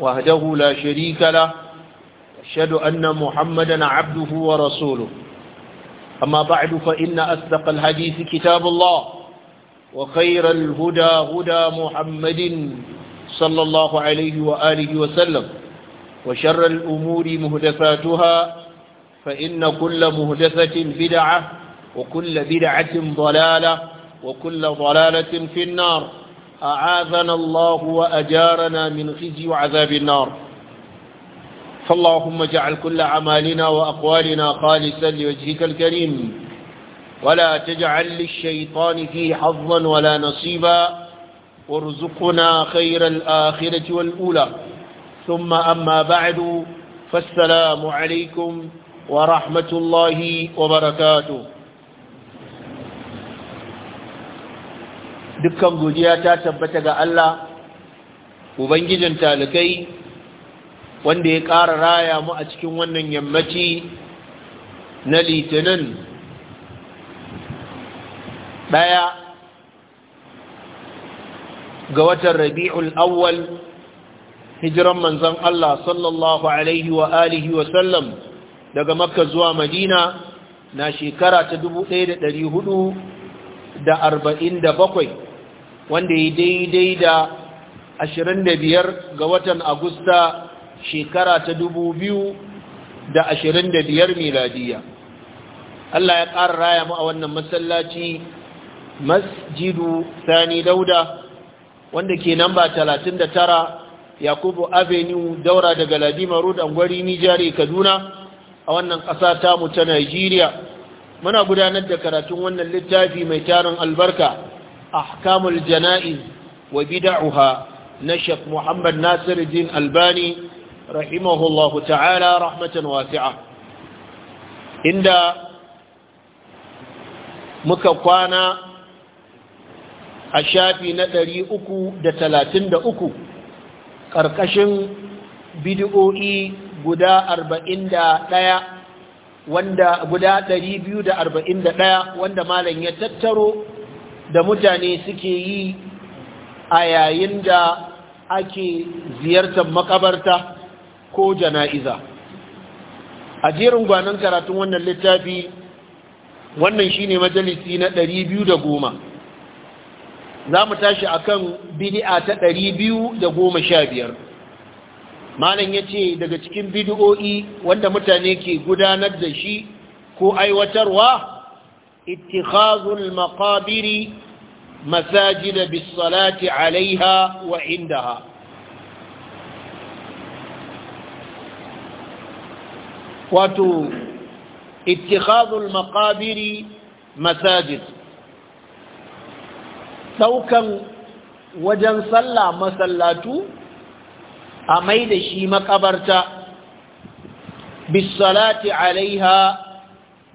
وحده لا شريك له أشهد أن محمدا عبده ورسوله أما بعد فإن أصدق الحديث كتاب الله وخير الهدى هدى محمد صلى الله عليه وآله وسلم وشر الأمور مهدفاتها فإن كل مهدفة بدعة وكل بدعة ضلالة وكل ضلالة في النار أعاذنا الله وأجارنا من خزي وعذاب النار فاللهم اجعل كل عمالنا وأقوالنا خالصا لوجهك الكريم ولا تجعل للشيطان فيه حظا ولا نصيبا وارزقنا خير الآخرة والأولى ثم أما بعد فالسلام عليكم ورحمة الله وبركاته dukkan godiya ta tabbata ga Allah ubangijin talikai wanda ya ƙara raya mu a cikin wannan yammaci na litinin ɗaya ga watan rabi'ul awwal hijiran manzan Allah sallallahu alaihi wa alihi wa sallam daga makka zuwa madina na shekara ta 1447 wanda ya daidai da 25 ga watan agusta shekara ta 2025 miladiya Allah ya ƙara raya mu a wannan masallaci masjidu sani dauda wanda ke namba 39 yakubu avenue daura daga ladima road angwari nijari kaduna a wannan ƙasa tamu ta Najeriya. muna gudanar da karatun wannan littafi mai tarin albarka أحكام الجنائز وبدعها نشط محمد ناصر الدين الباني رحمه الله تعالى رحمة واسعة عند مكوانا أشافي نتري أكو دتلاتين دا أكو كاركشن بدؤي قدا أربعين دا ليا wanda guda 241 wanda malam ya tattaro da mutane suke yi a yayin da ake ziyartar makabarta ko jana'iza a jerin gwanon karatun wannan littafi wannan shine majalisi na biyu da goma. za mu tashi a kan bidi'a ta biyu da goma sha biyar. malam yace daga cikin bid'o'i wanda mutane ke gudanar da shi ko aiwatarwa اتخاذ المقابر مساجد بالصلاة عليها وعندها واتو اتخاذ المقابر مساجد ɗaukan wajen sallah masallatu a mai da shi makabarta bisalati alaiha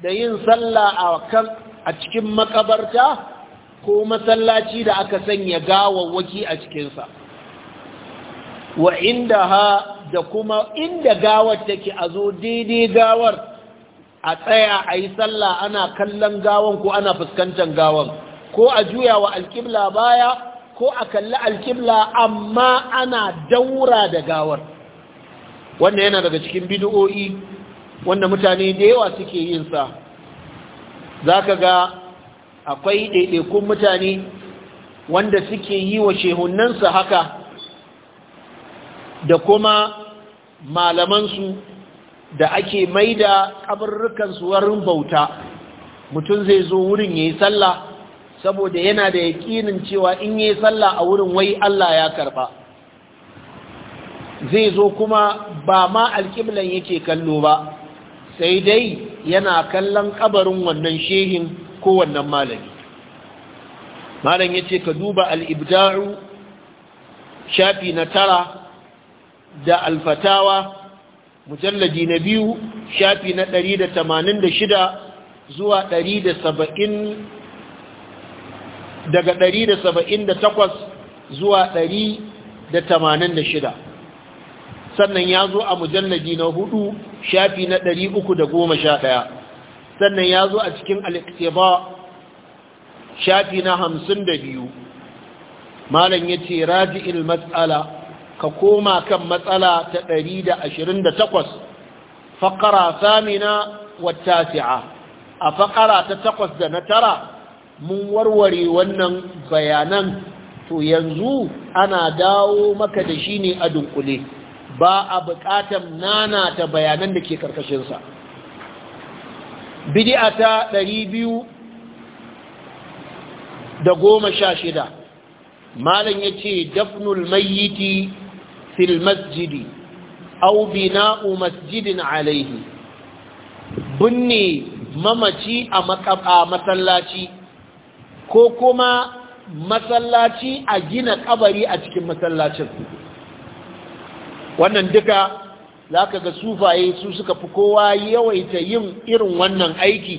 da yin sallah a kan a cikin makabarta ko masallaci da aka sanya gawawwaki a cikinsa wa inda ha da kuma inda gawar take a zo daidai gawar a tsaya a yi sallah ana kallon gawan ko ana fuskantar gawan ko a juya wa alkibla baya ko a kalli alkibla amma ana daura da gawar wannan yana daga cikin bidu'o'i wanda mutane da yawa suke yin sa za ka ga akwai ɗaiɗaikun mutane wanda suke yi wa shehunansu haka da kuma malamansu da ake maida kabarrukansu warin bauta mutum zai zo wurin ya yi sallah saboda yana da yakinin cewa in ya yi sallah a wurin wai Allah ya karɓa. zai zo kuma ba ma alƙiblan yake kallo ba sai dai yana kallon kabarin wannan shehin ko wannan malami malam yace ka duba al shafi na tara da alfatawa, mujalladi na biyu shafi na 186 zuwa 170 daga 178 zuwa 186 sannan ya zo a mujalladi na hudu shafi na ɗari uku da goma sha ɗaya sannan ya zo a cikin al'iktiba shafi na hamsin da biyu malam ya ce raji'il matsala ka koma kan matsala ta ɗari da ashirin da takwas faƙara samina wattasi'a a faƙara ta takwas da na tara mun warware wannan bayanan to yanzu ana dawo maka da shi ne a dunkule ba a buƙatar ta bayanan da ke ƙarƙashinsa bidi'a ta biyu da goma sha shida malam ya ce dafnul mayyiti fil masjidi au bina'u masjidin alaihi binne mamaci a masallaci ko kuma masallaci a gina kabari a cikin masallacin wannan duka za ka ga sufaye su suka fi kowa yawaita yin irin wannan aiki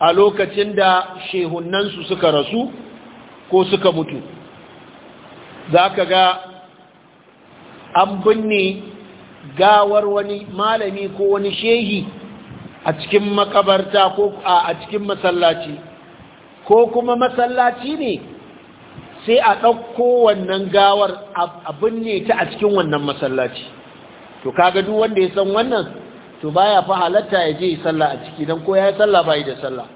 a lokacin da shehunansu suka rasu ko suka mutu za ka ga an binne gawar wani malami ko wani shehi a cikin makabarta ko a cikin masallaci ko kuma masallaci ne sai a ɗauko wannan gawar a binne ta a cikin wannan masallaci to kaga duk wanda ya san wannan to baya fa halatta ya je sallah a ciki dan ko ya yi sallah bai da sallah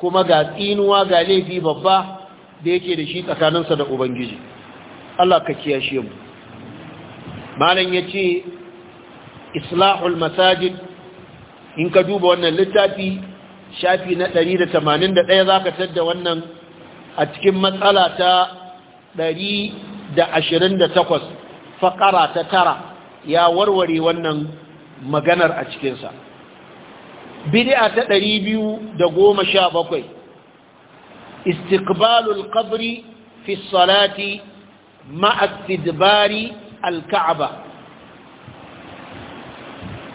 kuma ga tsinuwa ga laifi babba da yake da shi tsakaninsa da ubangiji Allah ka kiyashe mu malam ya ce islahul masajid in ka duba wannan littafi shafi na ɗari da 181 zaka tada wannan a cikin matsala ta ɗari da ashirin da takwas faƙara ta tara ya warware wannan maganar a cikinsa bid'a ta ɗari biyu da goma sha bakwai Istikbalul qabri fi salati ma'astidbari al-ka'aba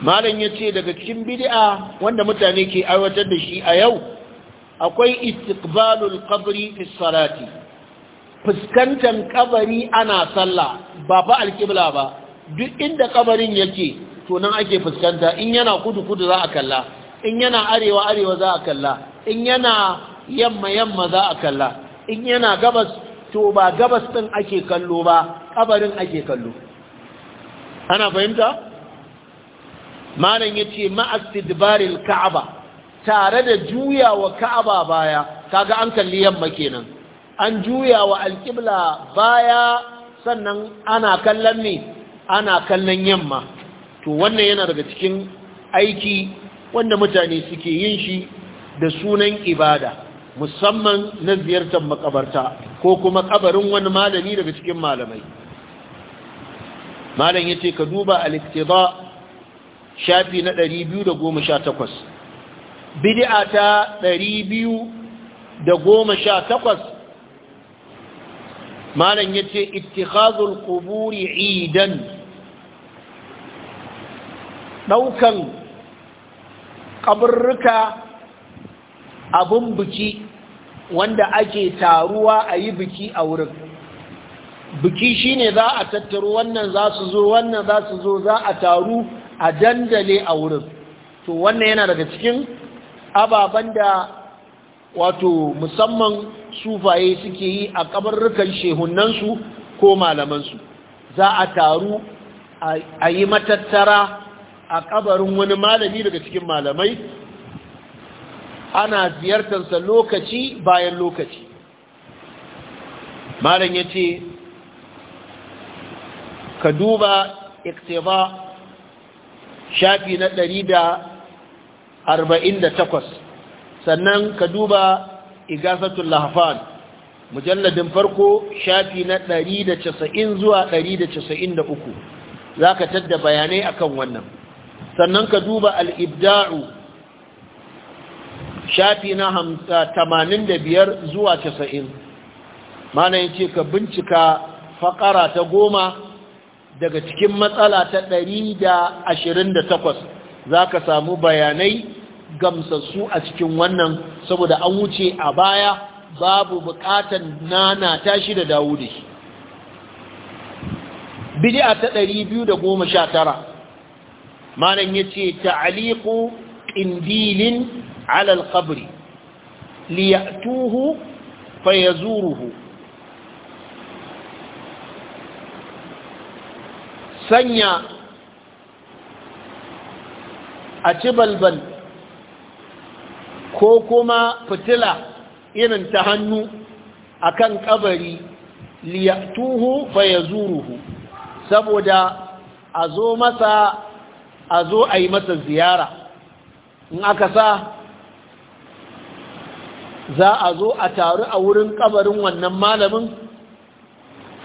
malam ya ce daga cikin bid'a wanda mutane ke aiwatar da shi a yau akwai istikbalul qabri fi salati fuskantar kabari ana sallah ba fa alƙibla ba duk inda kabarin yake to nan ake fuskanta in yana kudu kudu za a kalla in yana arewa arewa za a kalla in yana yamma yamma za a kalla in yana gabas to ba gabas din ake kallo ba kabarin ake kallo ana fahimta malam yace ma'astidbaril ka'aba tare da juyawa ka'aba baya kaga an kalli yamma kenan an juya wa alƙibla baya sannan ana kallon ne ana kallon yamma to wannan yana daga cikin aiki wanda mutane suke yin shi da sunan ibada musamman na ziyartar makabarta ko kuma kabarin wani malami daga cikin malamai malam yace ka duba al shafi na 218 bid'a ta 218 malam ya ce ittikhazul quburi idan ɗaukan ƙabarruka abin biki wanda ake taruwa a yi biki a wurin biki shine za a tattaro wannan za su zo wannan za su zo za a taru a dandale a wurin to wannan yana daga cikin ababen da wato musamman sufaye suke yi a kabarrukan shehunansu ko malamansu za a taru a yi matattara a kabarin wani malami daga cikin malamai ana ziyartarsa lokaci bayan lokaci malam ya ce ka duba iktiba shafi na 148 sannan ka duba igasatun Lahafan, mujalladin farko shafi na 190 zuwa 193 ka tadda bayanai akan wannan sannan ka duba al shafi na 85 zuwa 90 mana ce ka bincika faƙara ta goma daga cikin matsala ta 128 ka samu bayanai gamsassu a cikin wannan saboda an wuce a baya babu bukatan nana tashi da dawo da shi bid'a ta 219 manan yace ta qindilin ƙindilin alal ƙabri liyatuhu fayazuruhu sanya a ci balbal ko kuma fitila irin ta hannu akan kabari liyatuhu zuruhu saboda a zo masa a zo a yi masa ziyara in aka sa za a zo a taru a wurin kabarin wannan malamin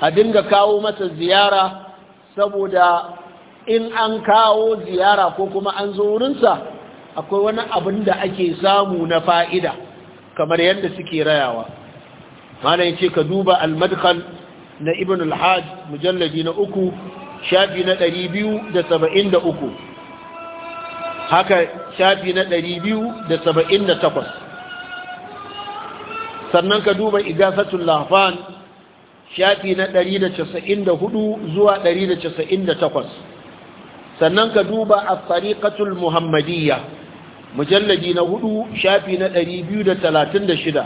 a dinga kawo masa ziyara saboda in an kawo ziyara ko kuma an zo wurinsa akwai wani abin da ake samu na fa'ida kamar yadda suke rayawa mana ce ka duba al na ibn al-hajj na uku shafi na ɗari biyu da saba'in da uku haka shafi na ɗari biyu da saba'in da takwas sannan ka duba igasatul lafan shafi na ɗari da casa'in da hudu zuwa ɗari da casa'in da takwas sannan ka duba a tsariƙatul muhammadiyya mujalladi na hudu shafi na 236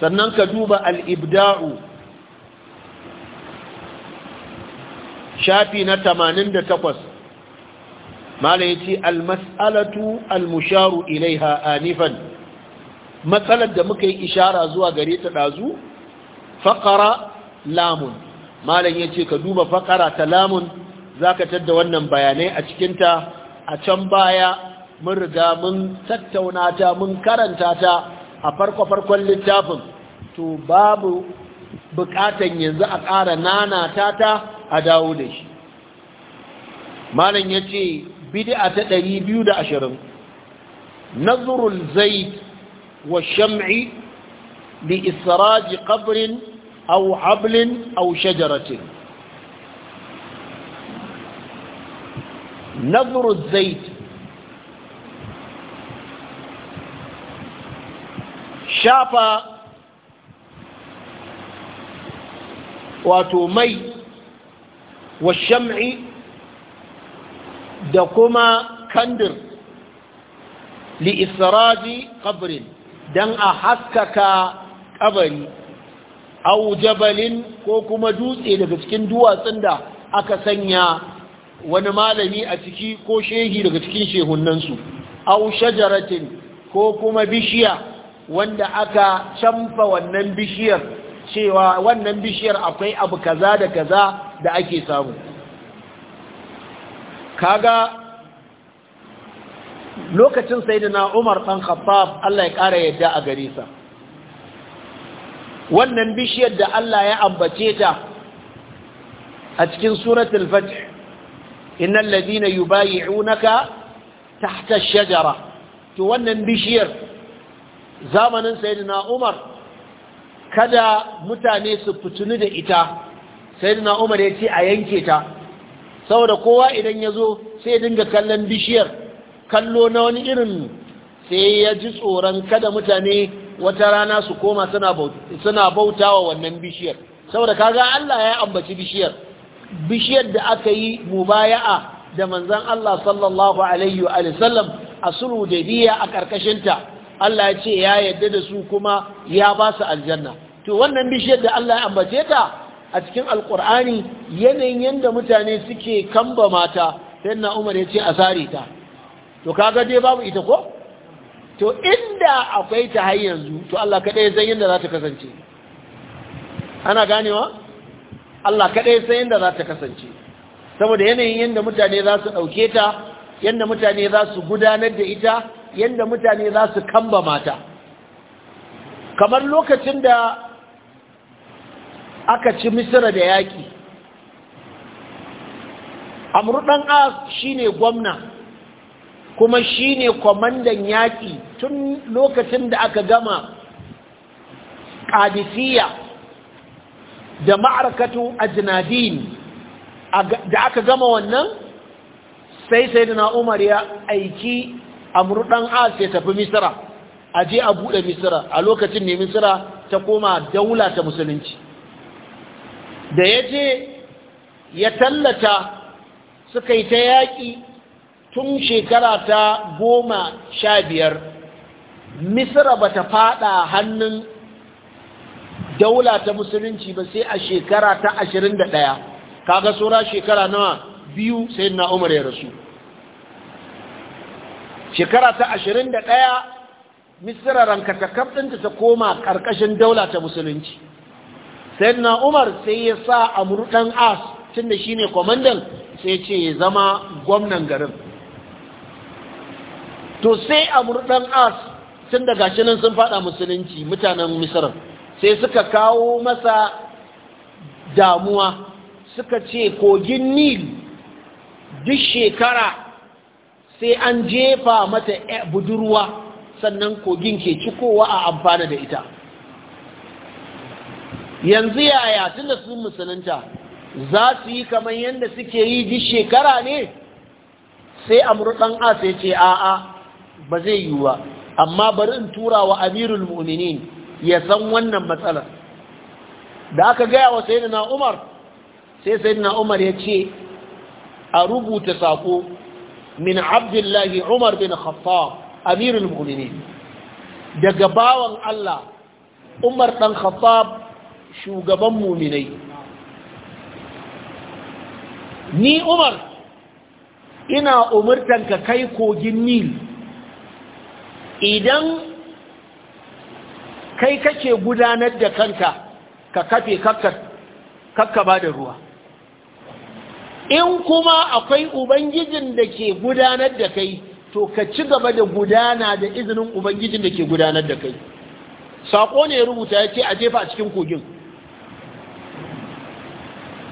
sannan ka duba al-ibda'u shafi na 88 mala yace al-mas'alatu al-musharu ilaiha anifan matsalar da muka yi ishara zuwa gare ta ɗazu, faƙara lamun malam yace ka duba faƙara ta lamun zaka tadda wannan bayanai a cikinta a can baya mun riga mun tattauna ta mun karanta ta a farko-farkon littafin to babu bukatan yanzu a ƙara nana ta ta a dawo da shi malam ya ce bid'a ta ɗari 220 nazarul zait wa sham'i da israji ƙabrin au hablin au shajaratin nazarul zait shafa wato mai wa sham'i da kuma kandir li israji qabrin dan a haskaka kabari au jabalin ko kuma dutse daga cikin duwatsun da aka sanya wani malami a ciki ko shehi daga cikin shehunansu au shajaratin ko kuma bishiya wanda aka canfa wannan bishiyar cewa wannan bishiyar akwai abu kaza da kaza da ake samu kaga lokacin na Umar ɗan Khattab Allah ya kara yadda a gare sa wannan bishiyar da Allah ya ambace ta a cikin suratul fath innal ladina yubayi'unaka tahta ash-shajara to wannan bishiyar zamanin sayyidina umar kada mutane su fitunu da ita sayyidina umar ya ce a yanke ta saboda kowa idan ya zo sai dinga kallon bishiyar kallo na wani irin sai ya ji tsoron kada mutane wata rana su koma suna bauta wa wannan bishiyar saboda kaga Allah ya ambaci bishiyar bishiyar da aka yi mubaya'a da manzon Allah sallallahu alaihi wa sallam a sulhu da biya a ƙarƙashinta Allah ya ce ya yadda da su kuma ya ba su aljanna to wannan bishiyar da Allah ya ambace ta a cikin alkur'ani yanayin yadda mutane suke kamba mata sai na umar ya ce a sare ta to kaga dai babu ita ko to inda akwai ta har yanzu to Allah kaɗai san yadda za ta kasance ana ganewa Allah kaɗai san yadda za ta kasance saboda yanayin yadda mutane za su ɗauke ta yadda mutane za su gudanar da ita yadda mutane za su kamba mata kamar lokacin da aka ci misira da yaƙi amurɗan a shine gwamna kuma shine kwamandan yaƙi tun lokacin da aka gama ƙadisiyya da ma'arkatu ajnadin da aka gama wannan sai sai da umar ya aiki amru dan as ya tafi misra a je a bude misra a lokacin ne misra ta koma daula ta musulunci da ya je ya tallata suka yi ta yaki tun shekara ta goma sha biyar misra ba ta fada hannun daula ta musulunci ba sai a shekara ta ashirin da ɗaya kaga saura shekara nawa biyu sai na umar ya rasu shekara ta ashirin da ɗaya misira rankatakaf ɗinta ta koma ƙarƙashin daula ta musulunci sai na umar sai ya sa a murɗan as tun da shi ne kwamandan sai ce ya zama gwamnan garin to sai a murɗan as tun da gashi nan sun faɗa musulunci mutanen misira sai suka kawo masa damuwa suka ce kogin nil duk shekara sai an jefa mata budurwa sannan kogin ke cikowa a amfana da ita yanzu yaya tun da sun musulunta za su yi kamar yadda suke yi duk shekara ne sai amurɗan a sai ce a'a ba zai yi ba amma bari in tura wa amirul mu'minin ya san wannan matsalar da aka gaya wa sayyidina umar sai sayyidina umar ya ce a rubuta sako min abdullahi umar bin khattab amirul mu'minin daga bawan Allah umar dan khattab shugaban mu'minai ni umar ina umurtan ka kai kogin nil idan kai kake gudanar da kanka ka kafe ba da ruwa in kuma akwai ubangijin da ke gudanar da kai to ka ci gaba da gudana da izinin ubangijin da ke gudanar da kai saƙo ne ya rubuta ya ce a jefa a cikin kogin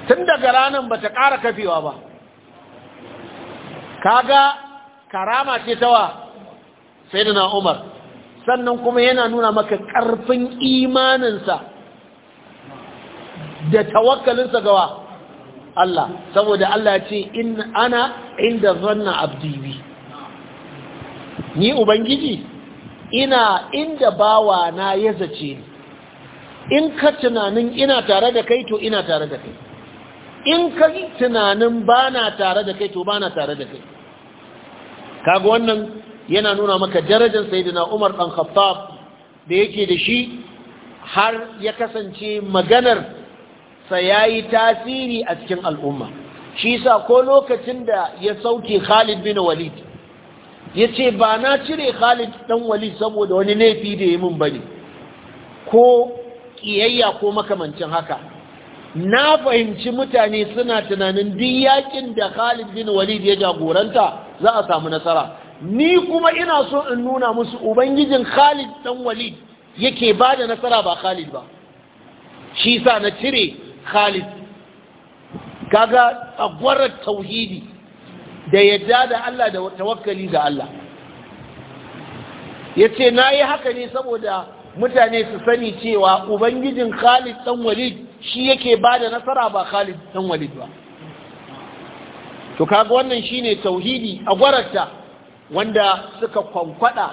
tun daga ranar ba ta ƙara kafewa ba kaga karama ce tawa sai da na umar sannan kuma yana nuna maka ƙarfin imaninsa da tawakkalinsa gawa Allah saboda Allah ce in ana inda zanna abdibi ni ubangiji ina inda bawa na ya zace ni in ka tunanin ina tare da kai to ina tare da kai in ka tunanin bana tare da kai to bana tare da kai kaga wannan yana nuna maka darajar sayyidina Umar dan Khattab da yake da shi har ya kasance maganar sa yi tasiri a cikin al'umma shi yasa ko lokacin da ya sauke Khalid bin Walid ya ce ba na cire Khalid dan Walid saboda wani laifi da ya mun bane ko kiyayya ko makamancin haka na fahimci mutane suna tunanin duk yakin da Khalid bin Walid ya jagoranta za a samu nasara ni kuma ina so in nuna musu ubangijin Khalid dan Walid yake bada nasara ba Khalid ba shi sa na cire khalid kaga agwarar tauhidi da yadda da Allah da tawakkali ga Allah ya ce na yi haka ne saboda mutane su sani cewa ubangijin khalid ɗan walid shi yake ba da nasara ba khalid ɗan walid ba to kaga wannan shine tauhidi a gwararta wanda suka kwankwada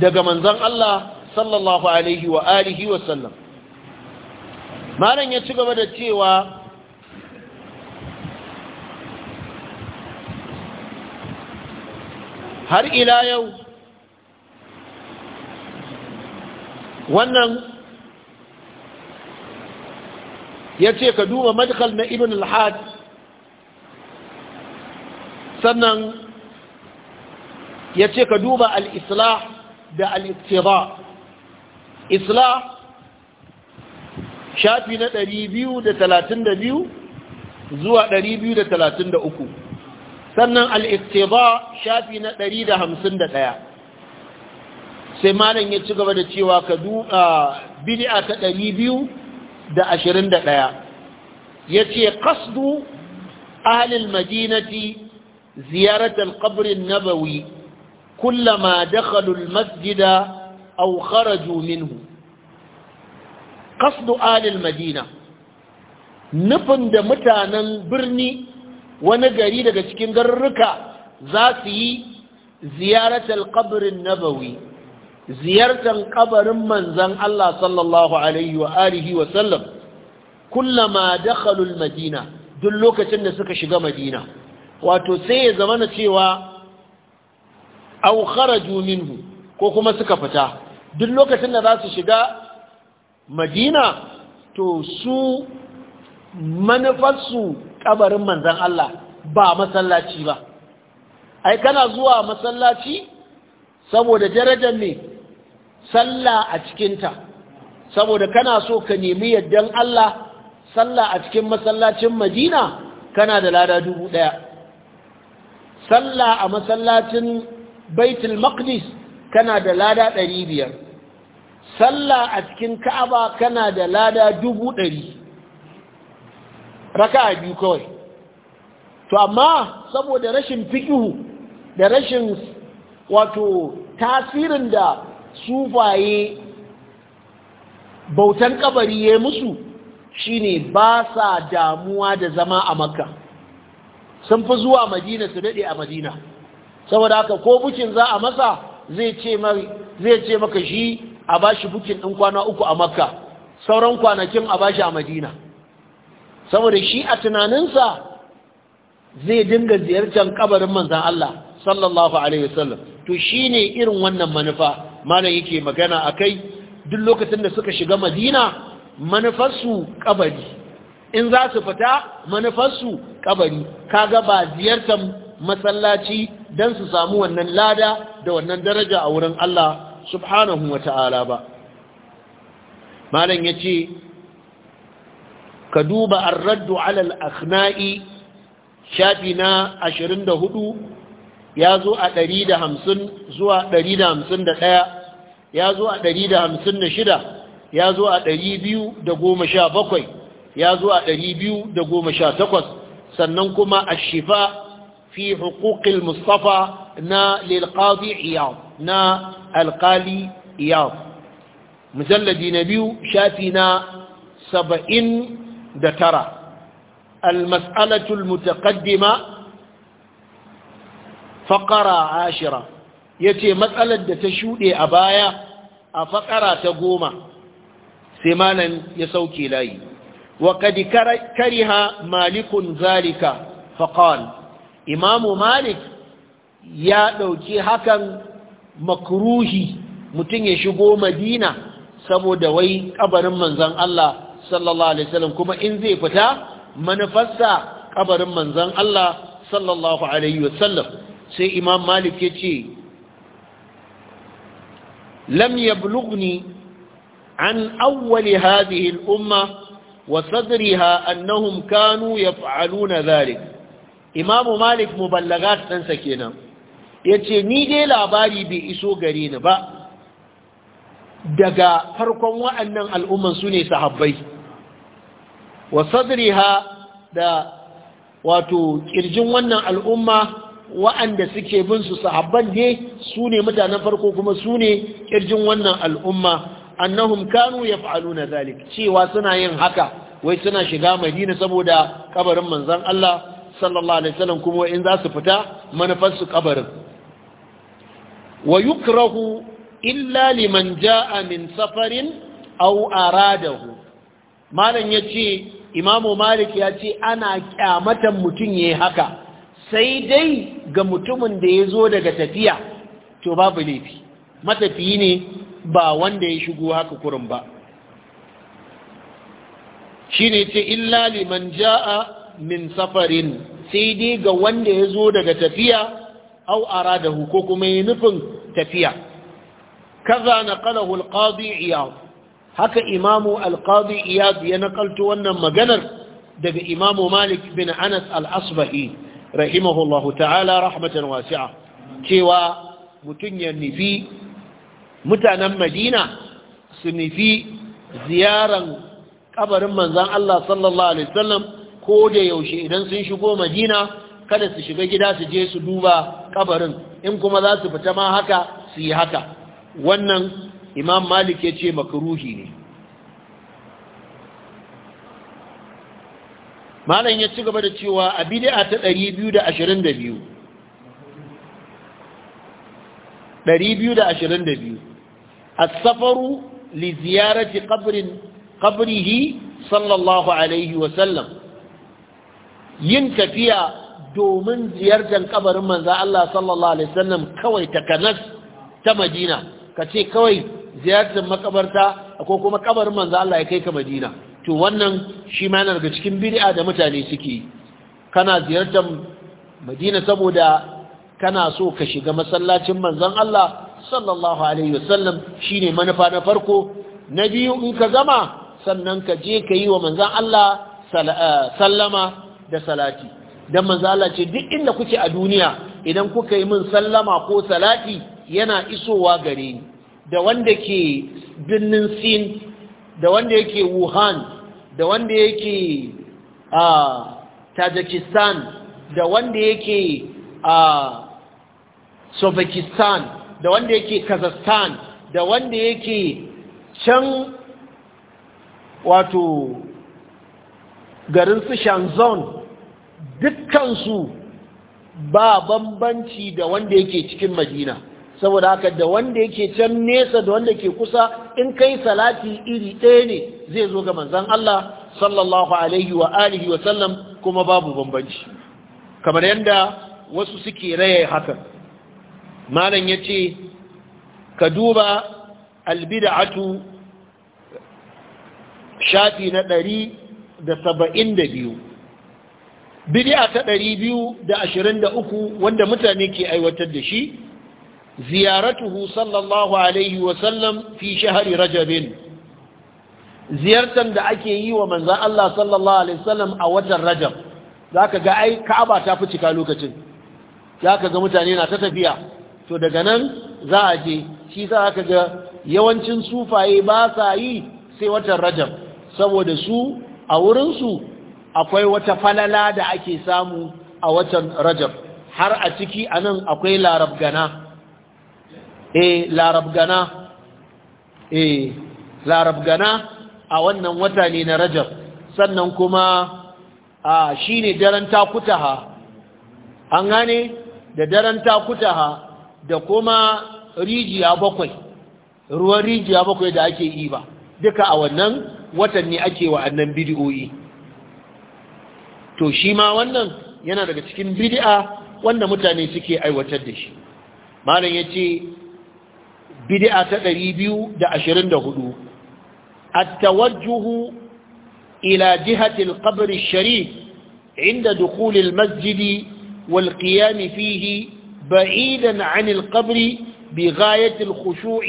daga manzon Allah sallallahu alaihi wa alihi wa sallam malam ya ci gaba da cewa har ila yau wannan ya ce ka duba madkhal na ibn al-had sannan ya ce ka duba al-islah da al-iqtida islah shafi na 232 zuwa 233 sannan al shafi na 151 sai malam ya ci gaba da cewa ka duka bid'a ta 221 yace qasdu ahli al-madinati ziyarat al-qabr an-nabawi kullama dakhalu al-masjida aw kharaju minhu qasdu alil madina nufin da mutanen birni wani gari daga cikin garurruka za su yi ziyaratar kabarin nabawi ziyartar kabarin manzan Allah sallallahu alaihi wa alihi wa sallam kullama dakhalul madina duk lokacin da suka shiga madina wato sai ya zama na cewa aukara kharaju minhu ko kuma suka fita duk lokacin da za su shiga madina to su manufarsu kabarin manzan Allah ba masallaci ba ai kana zuwa masallaci saboda darajar ne sallah a cikinta saboda kana so ka nemi yaddan Allah sallah a cikin masallacin madina kana da lada dubu ɗaya sallah a masallacin baitul maqdis kana da lada ɗari biyar sallah a cikin ka'aba kana da lada dubu ɗari raka biyu kawai to amma saboda rashin fikihu da rashin wato tasirin da sufaye bautan kabari ya musu shine ba sa damuwa da zama a makka sun fi zuwa madina su daɗe a madina saboda haka ko bukin za a masa zai ce maka shi a bashi bukin ɗin kwana uku a makka sauran kwanakin a bashi a madina saboda shi a tunaninsa zai dinga ziyartar kabarin manzan Allah sallallahu alaihi wasallam to shi ne irin wannan manufa malam yake magana a kai, duk lokacin da suka shiga madina manufarsu kabari in za su fita manufarsu kabari kaga ba ziyartar masallaci don su samu wannan lada da wannan daraja a wurin Allah subhanahu wa ta'ala ba malam ya ce ka duba an raddu alal akhna'i shafi na hudu ya zo a hamsin zuwa ɗaya, ya zo a shida, ya zo a bakwai, ya zo a takwas, sannan kuma a shifa في حقوق المصطفى نا للقاضي عياض نا القالي عياض مزلد نبي شاتنا سبعين دترة المسألة المتقدمة فقرة عاشرة يتي مسألة تشودي أبايا أفقرة تقوم سمانا يسوكي لي وقد كره مالك ذلك فقال imamu malik ya ɗauki hakan makruhi mutum ya shigo madina saboda wai kabarin manzan Allah sallallahu alaihi wasallam kuma in zai fita manufarsa kabarin manzan Allah sallallahu alaihi wasallam sai imam malik ya ce lam yablughni an auwali hadhihi umma wa sadriha annahum kanu na dhalik imamu malik muballagat ɗansa kenan ya ce ni dai labari bai iso gare ni ba daga farkon wa'annan al'umman su ne sahabbai wa sadriha da wato kirjin wannan al'umma wa'anda suke bin su sahabban ne su ne mutanen farko kuma su ne kirjin wannan al'umma annahum kanu yaf'aluna zalik cewa suna yin haka wai suna shiga madina saboda kabarin manzon Allah sallallahu alaihi wasallam kuma in za su fita manufarsu kabarin wa yukrahu illa liman jaa min safarin aw aradahu malam yace imamu malik ya ce ana kyamatan mutum yayi haka sai dai ga mutumin da ya zo daga tafiya to babu laifi matafiyi ne ba wanda ya shigo haka kurin ba shine ce illa liman jaa min safarin sai dai ga wanda ya zo daga tafiya au aradahu ko kuma yi nufin tafiya kaza naqalahu alqadi iyad haka imamu alqadi iyad ya nakalto wannan maganar daga imamu malik bin anas al-asbahi rahimahullahu ta'ala rahmatan wasi'a cewa mutun ya nufi mutanen madina su nufi ziyaran kabarin manzon Allah sallallahu alaihi wasallam ko da yaushe idan sun shigo madina kada su shiga gida su je su duba kabarin in kuma za su fita ma haka su yi haka wannan imam malik ya ce makaruhi ne malam ya ci gaba da cewa a bid'a ta 222 222 as-safaru li ziyarati qabrin qabrihi sallallahu alaihi wa sallam yin tafiya domin ziyartar kabarin manza Allah sallallahu Alaihi wasallam kawai takanas ta Madina ka ce kawai ziyartar makabarta ko kuma kabarin manza Allah ya kai ka Madina to wannan shi ma daga cikin bid'a da mutane suke kana ziyartar Madina saboda kana so ka shiga masallacin manzon Allah sallallahu alaihi wasallam shine manufa na farko na biyu in ka gama sannan ka je ka yi wa manzon Allah eh, sallama da salati dan manzo Allah ce duk inda kuke a duniya idan kuka yi min sallama ko salati yana isowa gare ni da wanda ke birnin Sin da wanda yake Wuhan da wanda yake a Tajikistan da wanda yake a Sovakistan da wanda yake Kazakhstan da wanda yake can wato garin su Shanzon dukkansu ba bambanci da wanda yake cikin madina saboda haka da wanda yake can nesa da wanda ke kusa in kai salati iri ɗaya ne zai zo ga manzan Allah sallallahu alaihi wa alihi wa sallam kuma babu bambanci kamar yadda wasu suke raye hakan malam ya ce ka duba albida'atu shafi na ɗari da saba'in da biyu bid'a ta ɗari biyu da ashirin da uku wanda mutane ke aiwatar da shi ziyaratuhu sallallahu alaihi wasallam fi shahari rajabin ziyartar da ake yi wa manzan Allah sallallahu alaihi wasallam a watan rajab za ka ga ai ka'aba ta fi cika lokacin za ka ga mutane na ta tafiya to daga nan za a je shi za ka ga yawancin sufaye ba sa yi sai watan rajab saboda su a wurinsu akwai wata falala da ake samu a watan rajab har a ciki anan akwai larabgana eh larabgana eh larabgana a wannan wata ne na rajab sannan kuma a shine daren takutaha an gane da daren takutaha da kuma rijiya bakwai ruwan rijiya bakwai da ake yi ba duka a wannan watan ne ake wa'annan bidiyoyi to shi ma wannan yana daga cikin bid'a wanda mutane suke aiwatar da shi malam yace bid'a ta 224 at-tawajjuh ila jihati al-qabr al-sharif inda dukhul al-masjid wal-qiyam fihi ba'idan 'an al-qabr بغاية الخشوع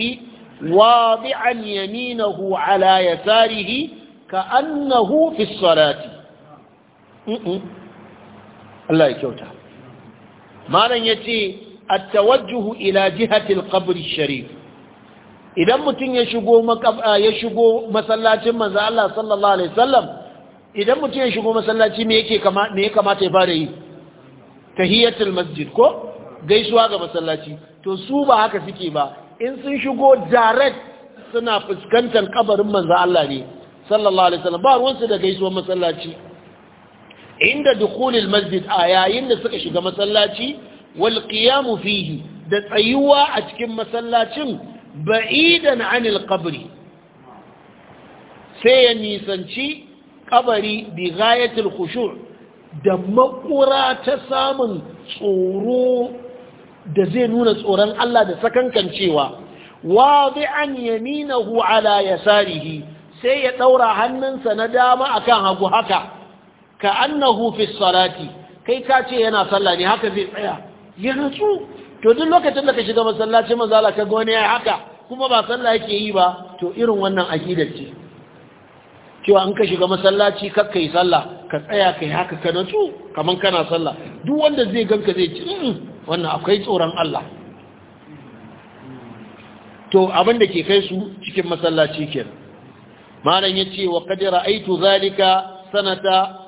واضعا يمينه على يساره كأنه في الصلاة Allah ya kyauta malam ya ce, a tawajuhu ila jihatil al sharif idan mutum ya shigo ah, masallacin maza Allah sallallahu alaihi wasallam idan mutum ya shigo masallaci me yake ya kamata ya fara yi tahiyatul masjid ko gaisuwa ga masallaci to su ba haka suke ba in sun shigo direct suna fuskantar kabarin maza Allah ne sallallahu alaihi wasallam ba ruwansu da gaisuwar masallaci inda dukhulil masjid a yayin da suka shiga masallaci wal qiyamu fihi da tsayuwa a cikin masallacin ba'idan anil qabri sai ya nisanci kabari bi ghayatil khushu' da makura ta samun tsoro da zai nuna tsoron Allah da sakankan cewa wadi'an yaminahu ala yasarihi sai ya daura hannunsa na dama akan hagu haka ka annahu fi salati kai ka ce yana sallah ne haka zai tsaya ya natsu to duk lokacin da ka shiga masallaci manzala ka ga ya haka kuma ba sallah yake yi ba to irin wannan aqidar ce cewa an ka shiga masallaci kar kai sallah ka tsaya kai haka ka natsu kaman kana sallah duk wanda zai ganka zai ci mm, wannan akwai tsoron Allah to abin da ke kai su cikin masallaci kenan malam yace wa qad ra'aytu zalika sanata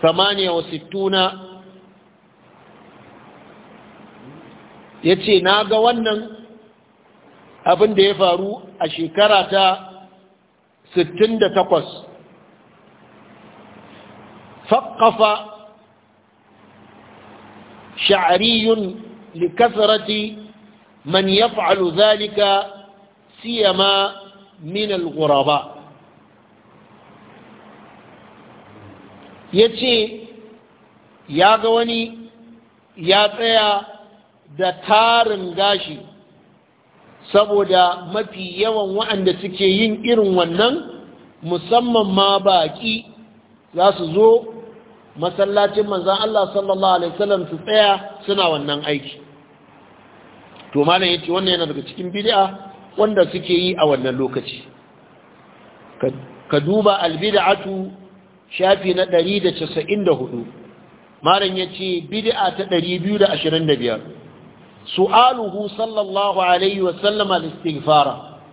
68 ya ce na ga wannan abin da ya faru a shekara ta 68 faƙafa sha'ariyun likasarati man ya fa'alu zalika siyama minal al ya ce ya ga wani ya tsaya da tarin gashi saboda mafi yawan wa'anda suke yin irin wannan musamman ma baƙi za su zo masallacin manzan Allah sallallahu Alaihi wasallam su tsaya suna wannan aiki to malam yace wannan yana daga cikin bid'a wanda suke yi a wannan lokaci ka duba albid'atu shafi na 194 malam ce bid'a ta 225 su'aluhu sallallahu alaihi wa sallam al-istighfara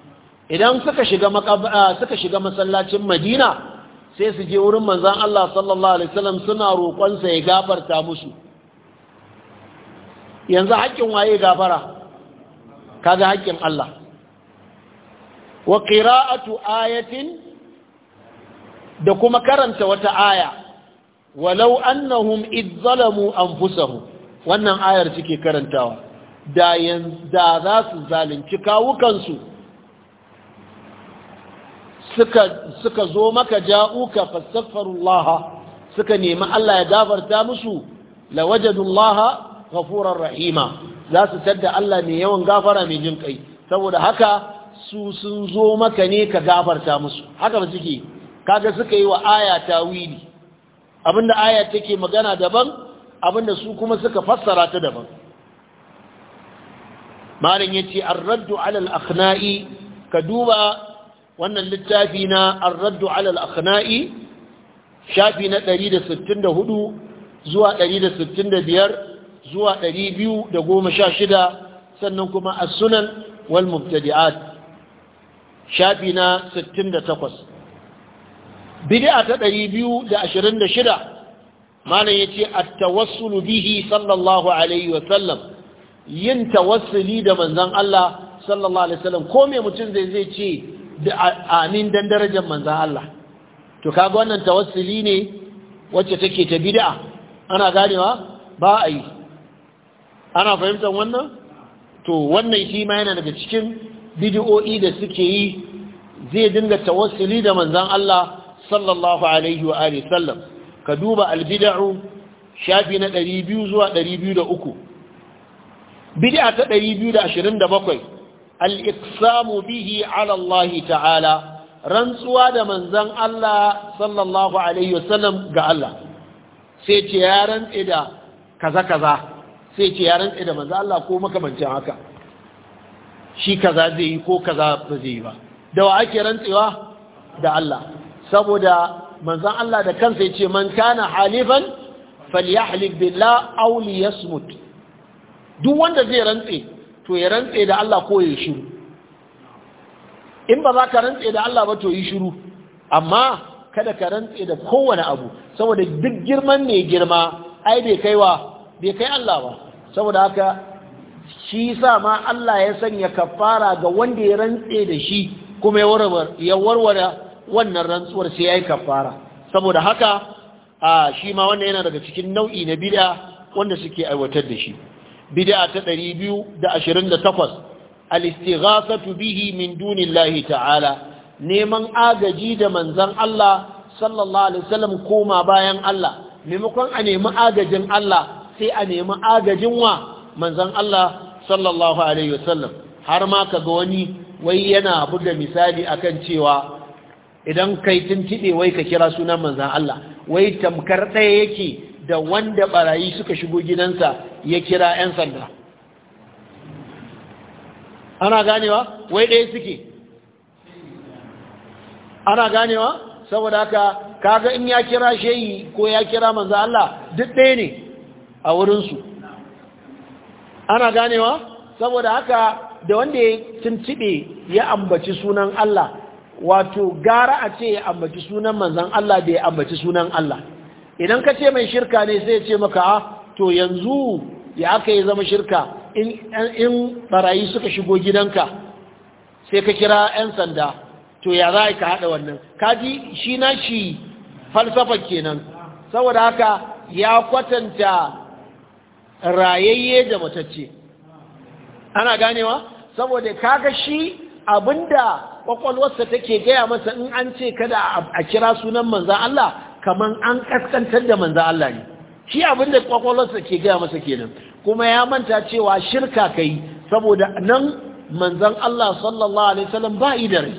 idan suka shiga ah, suka shiga masallacin Madina sai su je wurin manzon Allah sallallahu alaihi wasallam suna roƙon sa ya gafarta musu yanzu haƙƙin waye gafara kaga haƙƙin Allah wa qira'atu ayatin da kuma karanta wata aya walau annahum idh zalamu wannan ayar suke karantawa da da za su zalunci kawukansu suka suka zo maka ja'uka fastaghfirullah suka nemi Allah ya gafarta musu lawajadullaha ghafurar rahima za su tadda Allah mai yawan gafara mai jin kai saboda haka su sun zo maka ne ka gafarta musu haka ba suke kaga suka yi wa aya tawili abinda aya take magana daban abinda su kuma suka fassara ta daban malin yace ar-raddu 'ala al-akhna'i ka duba wannan littafi na ar-raddu 'ala al-akhna'i shafi na 164 zuwa 165 zuwa 216 sannan kuma as-sunan wal mubtadi'at shafi na 68 bid'a ta 226 malam yace at-tawassulu bihi sallallahu alaihi wa sallam yin tawassuli da manzon Allah sallallahu alaihi wa sallam ko me mutum zai zai ce da amin dan darajar manzon Allah to kaga wannan tawassuli ne wacce take ta bid'a ana ganewa ba a yi ana fahimtar wannan to wannan shi ma yana daga cikin bid'o'i da suke yi zai dinga tawassuli da manzon Allah sallallahu alaihi wa alihi sallam ka duba albid'u shafi na 200 zuwa 203 bid'a ta 227 al-iqsamu bihi ala ta'ala rantsuwa da manzan Allah sallallahu alaihi wasallam ga Allah sai ce ya rantse da kaza kaza sai ce ya rantse da manzan Allah ko makamancin haka shi kaza zai yi ko kaza ba zai yi ba da wa ake rantsewa da Allah saboda manzan Allah da kansa ya ce man kana halifan falyahlik billah aw liyasmut duk wanda zai rantse to ya rantse da Allah ko ya shiru in ba za ka rantse da Allah ba to yi shiru amma kada ka rantse da kowane abu saboda duk girman ne girma ai bai kai bai kai Allah ba saboda haka shi sa ma Allah ya sanya kafara ga wanda ya rantse da shi kuma ya warware wannan rantsuwar sai yayi kafara saboda haka a shi ma wannan yana daga cikin nau'i na bid'a wanda suke aiwatar da shi bid'a ta 228 al-istighasatu bihi min dunillahi ta'ala neman agaji da manzon Allah sallallahu alaihi wasallam koma bayan Allah maimakon a nemi agajin Allah sai a nemi agajin wa manzon Allah sallallahu alaihi wasallam har ma kaga wani wai yana buga misali akan cewa idan kai tuntube wai ka kira sunan manzan Allah wai tamkar ɗaya yake da wanda barayi suka shigo gidansa ya kira 'yan sanda ana ganewa wai ɗaya suke ana ganewa saboda haka kaga in ya kira shayi ko ya kira manzan Allah duk ɗaya ne a wurinsu ana ganewa saboda haka da wanda ya tuntube ya ambaci sunan Allah wato gara a ce ya ambaci sunan manzan Allah da ya ambaci sunan Allah idan ka ce mai shirka ne sai ce maka a ah, to yanzu ya aka yi zama shirka in barayi suka shigo gidanka sai ka kira 'yan sanda to ya za ka haɗa wannan kaji shi na shi falsafa kenan saboda haka ya kwatanta rayayye da matacce ana ganewa saboda kaga shi abinda kwakwalwarsa take gaya masa in an ce kada a kira sunan manzan Allah kaman an kaskantar da manzan Allah ne shi abinda kwakwalwarsa ke gaya masa kenan kuma ya manta cewa shirka kai saboda nan manzan Allah sallallahu alaihi wasallam ba idare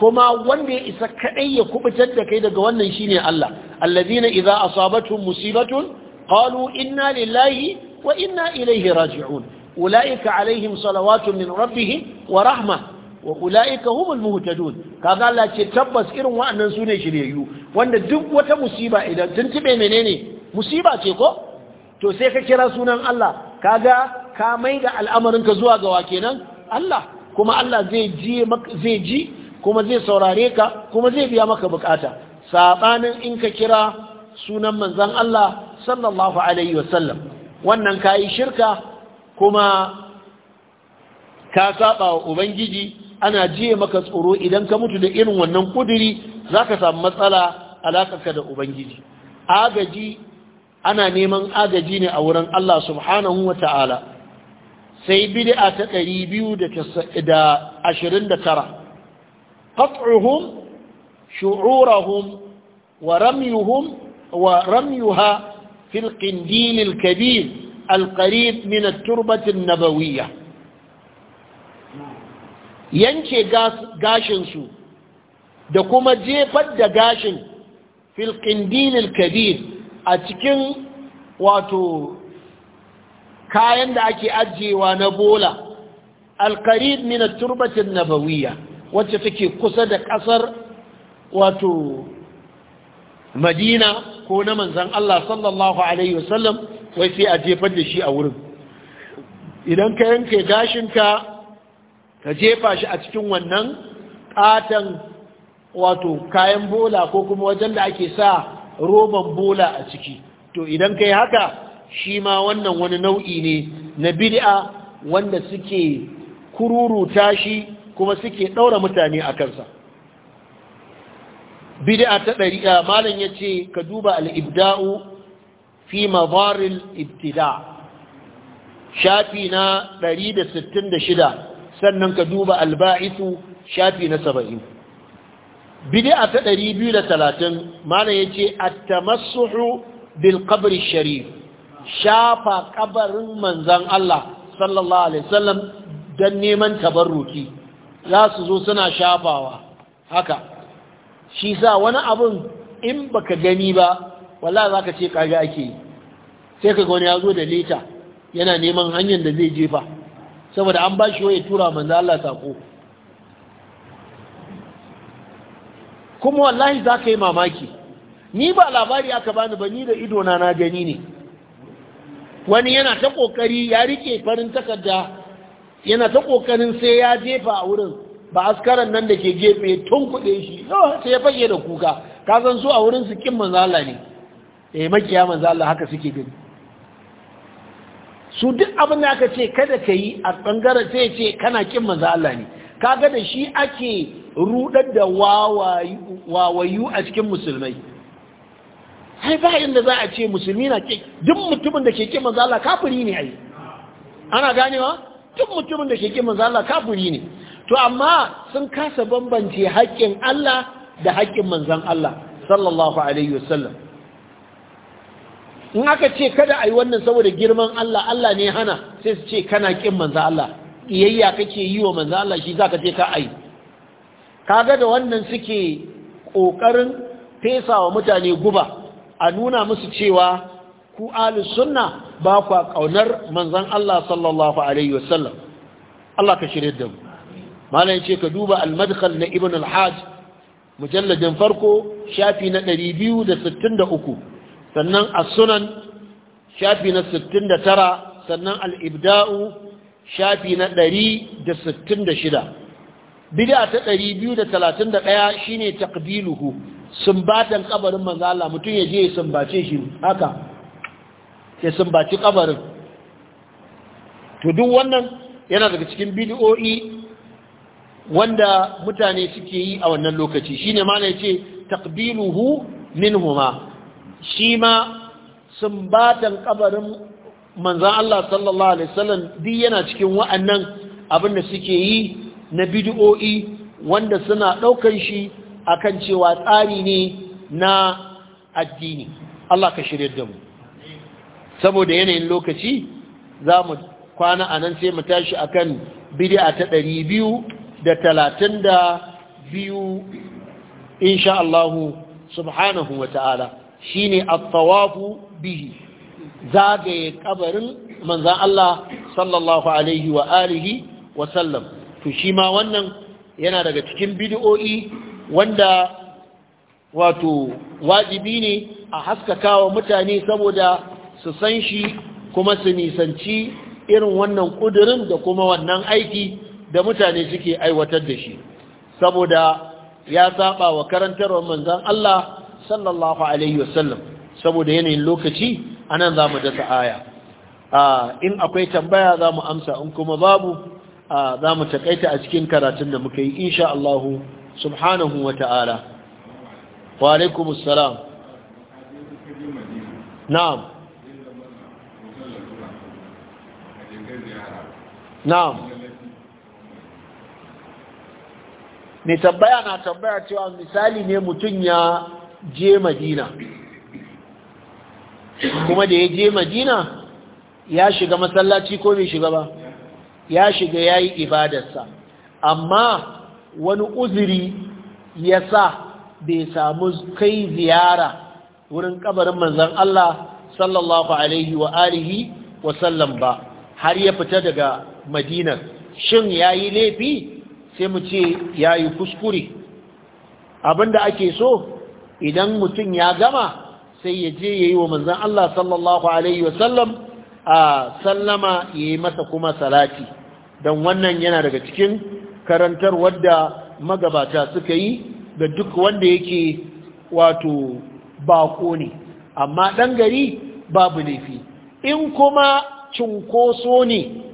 kuma wanda ya isa kadai ya kubutar da kai daga wannan shine Allah allazina idza asabatuhum musibatun qalu inna lillahi wa inna ilaihi raji'un ulaika alaihim salawatun min rabbihim wa rahmah wa ulaika humul muhtadun kaga Allah ce tabbas irin wa'annan sune shiryayyu wanda duk wata musiba idan tuntube menene musiba ce ko to sai ka kira sunan Allah kaga ka mai da al'amarin ka zuwa ga wa kenan Allah kuma Allah zai ji zai ji kuma zai saurare ka kuma zai biya maka bukata sabanin in ka kira sunan manzon Allah sallallahu alaihi wasallam wannan kai shirka kuma ka saba wa ubangiji ana jiye maka tsoro idan ka mutu da irin wannan kuduri za ka samu matsala alaƙarka da ubangiji agaji ana neman agaji ne a wurin Allah subhanahu wa ta'ala sai bid'a ta 229 qat'uhum shu'urahum wa ramyuhum wa ramyuha fil qindil kabir al-qarib min at nabawiyya yanke gashinsu da kuma jefar da gashin filƙindinil kabir a cikin wato kayan da ake ajiyewa na bola alkarib min turbatin nabawiya wacce take kusa da ƙasar wato madina ko na manzan Allah sallallahu Alaihi wasallam wai sai a jefar da shi a wurin idan ka yanke gashinka ka jefa shi a cikin wannan katon wato kayan bola ko kuma wajen da ake sa roban bola a ciki to idan ka yi haka shi ma wannan wani nau'i ne na bid'a wanda suke kururuta shi kuma suke ɗaura mutane a kansa bid'a ta ɗari malam ya ce ka duba al'ibda'u fi mabaril ibtida shafi na ɗari da da sittin shida. sannan ka duba alba'isu shafi na saba'in bid'a ta ɗari biyu da talatin malam ya ce attamassuhu tamassuhu bil qabri sharif shafa kabarin manzan Allah sallallahu alaihi sallam dan neman tabarruki za su zo suna shafawa haka shi sa wani abun in baka gani ba za zaka ce kaga ake sai kaga wani ya zo da leta yana neman hanyar da zai jefa saboda an ba shi ya tura manzo Allah sako kuma wallahi za ka yi mamaki ni ba labari aka bani ba ni da idona na gani ne wani yana ta kokari ya rike farin takarda yana ta kokarin sai ya jefa a wurin ba askaran nan da ke gefe tun kuɗe shi sai ya fage da kuka ka san su a wurin su kin manzo ne eh makiya manzo haka suke gani su duk abin da aka ce kada ka yi a ɓangaren sai ce kana kin maza Allah ne kaga da shi ake rudar da wawayu a cikin musulmai sai ba inda za a ce musulmi na ke duk mutumin da ke kin maza Allah kafiri ne ai ana ganewa duk mutumin da ke kin maza Allah kafiri ne to amma sun kasa bambance haƙƙin Allah da haƙƙin manzon Allah sallallahu alaihi wasallam in aka ce kada a yi wannan saboda girman Allah Allah ne hana sai su ce kana kin manza Allah iyayya kake yi wa manza Allah shi zaka ce ka ai kaga da wannan suke kokarin fesa wa mutane guba a nuna musu cewa ku ahlus sunna ba ku kaunar manzan Allah sallallahu alaihi wasallam Allah ka shirye da mu malam ce ka duba al na ibn al-hajj mujalladin farko shafi na 263 sannan as-sunan shafi na 69 sannan al-ibda'u shafi na 166 bid'a ta 231 shine taqbiluhu sumbatan kabarin manzo Allah mutum ya je ya sumbace shi haka ya sumbaci kabarin to duk wannan yana daga cikin bid'o'i wanda mutane suke yi a wannan lokaci shine ma na ce taqbiluhu minhuma shi ma batan kabarin manzan Allah sallallahu Alaihi wasallam duk yana cikin wa'annan abin da suke yi na bidiyo'i wanda suna ɗaukan shi a kan cewa tsari ne na addini Allah ka shirya da mu saboda yanayin lokaci za mu kwana a nan sai mu tashi a kan bidiya ta ɗari biyu da talatin da biyu insha Allahu subhanahu wa ta'ala shine at-tawafu bihi zagaye kabarin manzan Allah sallallahu alaihi wa alihi wa sallam to shi ma wannan yana daga cikin bid'o'i wanda wato wajibi ne a haskakawa mutane saboda su san shi kuma su nisanci irin wannan kudirin da kuma wannan aiki da mutane suke aiwatar da shi saboda ya saba wa karantarwar manzan Allah sallallahu alaihi wasallam saboda yanayin lokaci anan za mu dasa aya in akwai tambaya za mu amsa in kuma babu za mu takaita a cikin karatun da muka yi insha Allah subhanahu wa ta'ala wa alaikum salam na'am na'am mai tambaya na tambaya cewa misali ne mutum ya je madina kuma da ya je madina ya shiga masallaci ko mai shiga ba ya shiga ya yi ibadarsa amma wani uziri ya sa bai samu kai ziyara wurin kabarin manzan Allah sallallahu alaihi wa alihi wa sallam ba har ya fita daga madina shin ya yi laifi sai mu ce ya yi kuskure abinda ake so idan mutum ya gama sai ya je ya yi wa manzan Allah sallallahu Alaihi wasallam a sallama ya yi masa kuma salati don wannan yana daga cikin karantar wadda magabata suka yi ga duk wanda yake wato bako ne amma ɗan gari babu laifi in kuma cunkoso ne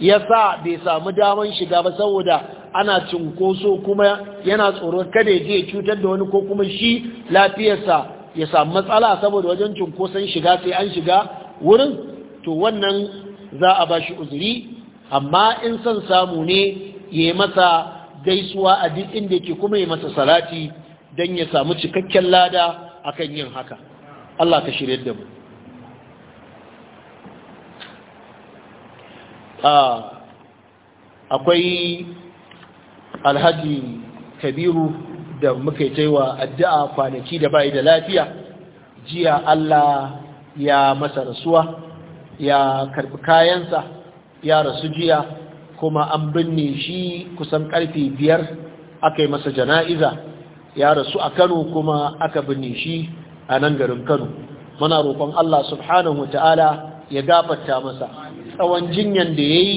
ya sa bai samu daman shiga ba saboda ana cinkoso kuma yana tsoron kada ya cutar da wani ko kuma shi lafiyarsa ya samu matsala saboda wajen cinkoson shiga sai an shiga wurin to wannan za a ba shi uzuri amma in son samu ne ya masa gaisuwa a duk inda ke kuma ya masa salati don ya samu cikakken lada akan yin haka Allah ka shirya da mu akwai alhaji kabiru da muka yi wa addu'a kwanaki da bai da lafiya jiya Allah ya masa rasuwa ya karbi kayansa ya rasu jiya kuma an binne shi kusan karfe biyar aka yi masa jana'iza ya rasu a kano kuma aka binne shi a nan garin kano muna roƙon Allah subhanahu wa ta'ala ya gafarta masa tsawon jinyan da ya yi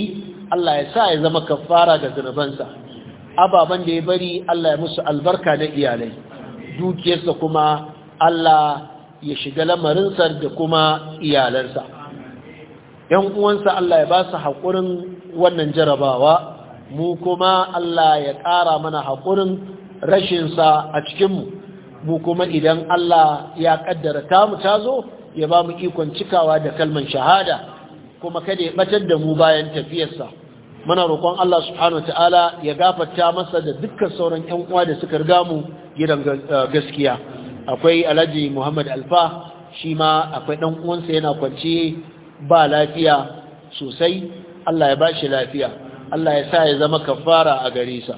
Allah ya sa ya zama kafara ga zunubansa ababen da ya bari Allah ya musu albarka na iyalai dukiyarsa kuma Allah ya shiga lamarinsa da kuma iyalarsa ‘yan uwansa Allah ya ba su haƙurin wannan jarabawa mu kuma Allah ya ƙara mana haƙurin rashinsa a cikinmu mu kuma idan Allah ya ƙaddara ta mu ta zo ya ba mu ikon cikawa da kalman shahada kuma kada ya batar da mu bayan tafiyarsa muna roƙon Allah subhanahu ta'ala ya gafarta masa da dukkan sauran ƴan uwa da suka riga mu gidan eh, gaskiya akwai Alhaji Muhammad Alfa shi ma akwai dan uwansa yana kwance ba lafiya sosai Allah ya bashi lafiya Allah ya sa ya zama kafara a gare sa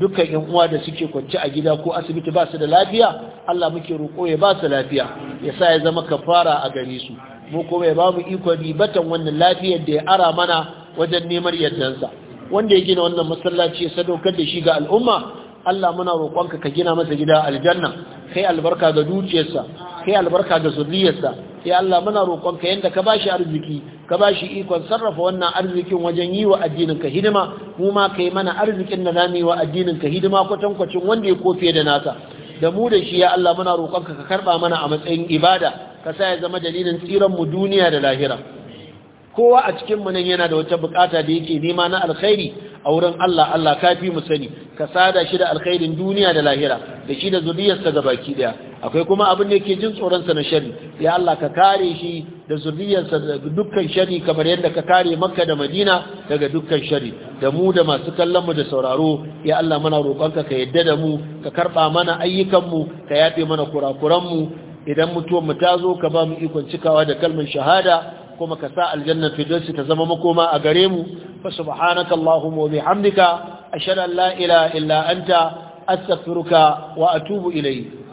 dukkan yan uwa da suke kwance a gida ko asibiti ba su da lafiya Allah muke roƙo ya ba su lafiya ya sa ya zama kafara a gare su mu kuma ya ba mu ikon ribatan wannan lafiyar da ya ara mana wajen neman yardansa wanda ya gina wannan masallaci ya sadaukar da shi ga al'umma Allah muna roƙonka ka gina masa gida aljanna kai albarka ga dukiyarsa kai albarka ga zuriyarsa ya Allah muna roƙonka yanda ka bashi arziki ka bashi ikon sarrafa wannan arzikin wajen yi wa addinin ka hidima mu ma kai mana arzikin da zamu yi wa addinin ka hidima kwatankwacin wanda ya kofe da nasa da mu da shi ya Allah muna roƙonka ka karba mana a matsayin ibada ka sa ya zama dalilin tsiran mu duniya da lahira kowa a cikin mu nan yana da wata bukata da yake nema na alkhairi a wurin Allah Allah kafi mu sani ka sada shi da alkhairin duniya da lahira da shi da zuriyarsa ga baki daya akwai kuma abin da yake jin tsoron sa na sharri ya Allah ka kare shi da zuriyarsa daga dukkan sharri kamar yadda ka kare Makka da Madina daga dukkan sharri da mu da masu kallon mu da sauraro ya Allah muna roƙonka ka yadda da mu ka karba mana ayyukan mu ka yafe mana kurakuran mu idan mutuwar mu ta zo ka ba mu ikon cikawa da kalmar shahada kuma ka sa aljanna firdausi ta zama makoma a gare mu fa subhanaka allahumma wa bihamdika ashhadu an la ilaha illa anta astaghfiruka wa atubu ilayk